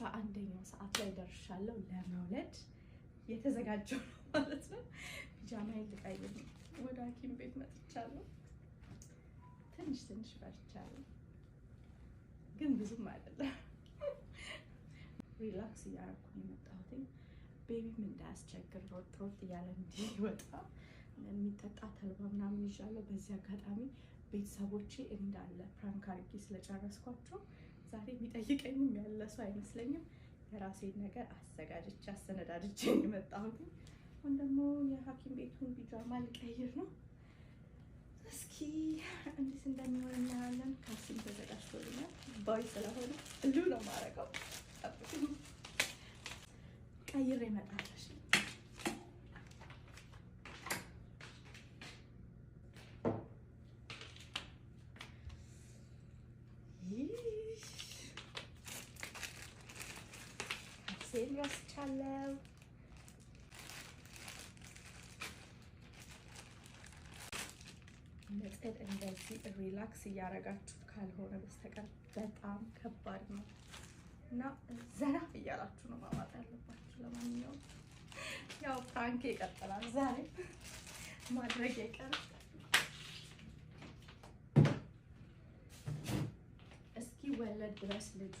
አስራ አንደኛው ሰዓት ላይ ደርሻለሁ። ለመውለድ የተዘጋጀው ነው ማለት ነው። ፒጃማዬን ልቀይር ወደ ሐኪም ቤት መጥቻለሁ። ትንሽ ትንሽ ፈርቻለሁ፣ ግን ብዙም አይደለም። ሪላክስ እያደረኩ ነው የመጣሁት። ቤቢም እንዳያስቸግር ሮጥ ሮጥ እያለ እንዲወጣ የሚጠጣ ተልባ ምናምን ይዣለሁ። በዚህ አጋጣሚ ቤተሰቦቼ እንዳለ ፕራንክ አድርጌ ስለጨረስኳቸው ዛሬ የሚጠይቀኝም ያለ ሰው አይመስለኝም። የራሴን ነገር አዘጋጅቼ አሰነዳድቼ የመጣሁት አሁን ደግሞ የሐኪም ቤቱን ቢጃማ ልቀይር ነው። እስኪ እንዴት እንደሚሆን እናያለን። ካልሲም ተዘጋጅቶልኛል። ባይ ስለሆነ ሁሉ ነው ማረገው። ቀይር እመጣለሁ። ራሴን ረስቻለሁ። ምጥን እንደዚህ ሪላክስ እያደረጋችሁ ካልሆነ በስተቀር በጣም ከባድ ነው እና ዘና እያላችሁ ነው ያለባችሁ። ለማንኛውም ያው ፕራንክ ይቀጥላል። ዛሬ ማድረግ የቀር እስኪ ወለድ ድረስ ልጁ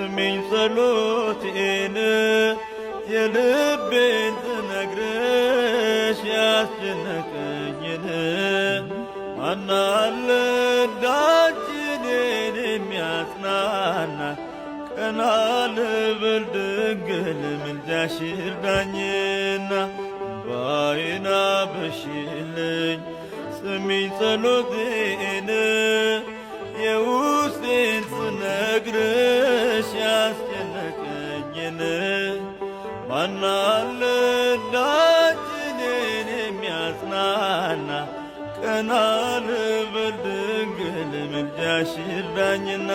ስሚኝ ጸሎቴን የልቤን ትነግረሽ ያስጨነቀኝን ማናለ ዳችኔን የሚያጽናና ቀና ልብል ድንግል ምልጃሽ እርዳኝና ባይና በሽልኝ ስሚኝ ጸሎቴን የውስጤን ስነግርሽ ያስጨነቀኝን ማናለ ላችንን የሚያጽናና ቀና ልበል ምልጃሽ ይርዳኝና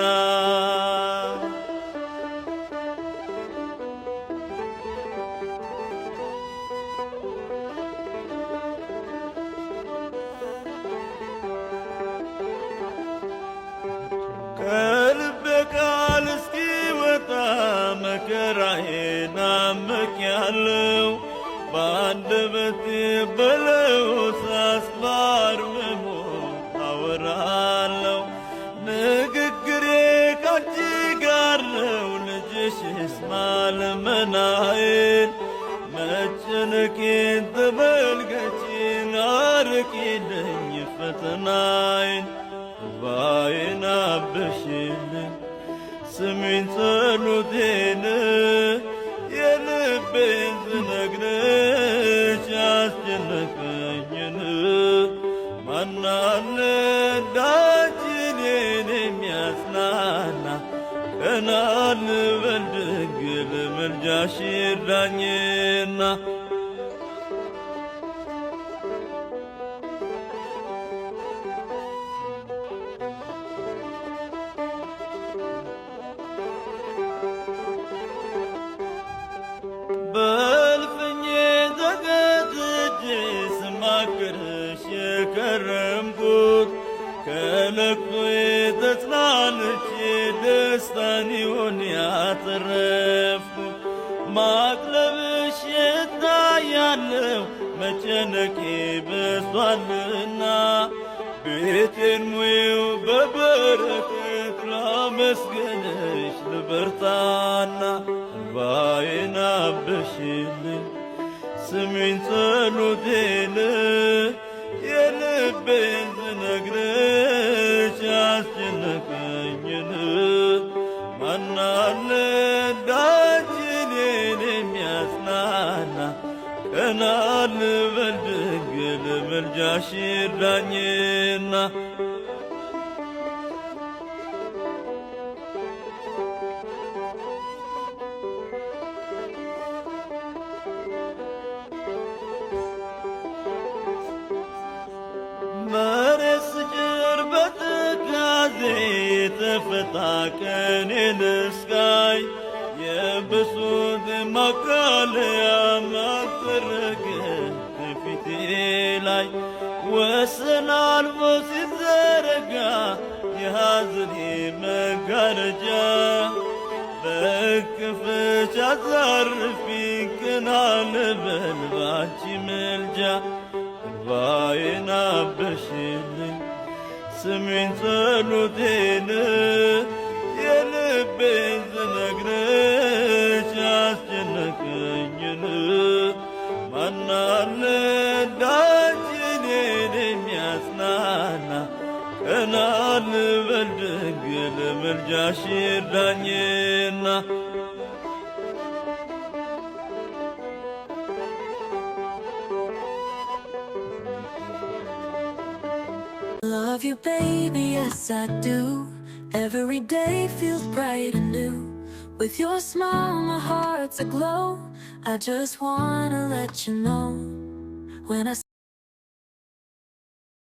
መከራዬን አምቄያለሁ በአንደበቴ ብለው ሳስባርምሞ አወራለሁ ንግግሬ ካንቺ ጋር ነው ልጅሽ ይስማ ልመናዬን መጨነቄን ተመልከቺኝ አርቂልኝ ፈተናዬን እንባዬን ስሚኝ ጸሎቴን የልቤን ስነግርሽ ያስጨነቀኝን ማናለ ዳችን የኔ የሚያጽናና ቀና ልበል ምልጃሽ ይርዳኝና ተሟልቼ ደስታን ይሆን ያተረፍኩ ማቅለብሽ የታያለው መጨነቄ በሷልና ቤቴን ሙዩ በበረከት ላመስገንሽ ልበርታና እንባዬን አብሽልኝ ስሚኝ ጸሎቴን የልቤን ዝነግረ ቀና ልበል ድንግል ምልጃሽ ይርዳኝና መሬት ስጭር በትካዜ ተፈታቀኔን ላይ ወስናል አልፎ ሲዘረጋ የሐዘኔ መጋረጃ በእቅፍሽ አሳርፊ ቅናል መልጃ እንባዬን አበሽልኝ ስሜን ጸሎቴን የልቤን ዝነግረ በድግል ምልጃሽ ዳኝና Love you baby, yes I do Every day feels bright and new With your smile my heart's aglow I just wanna let you know When I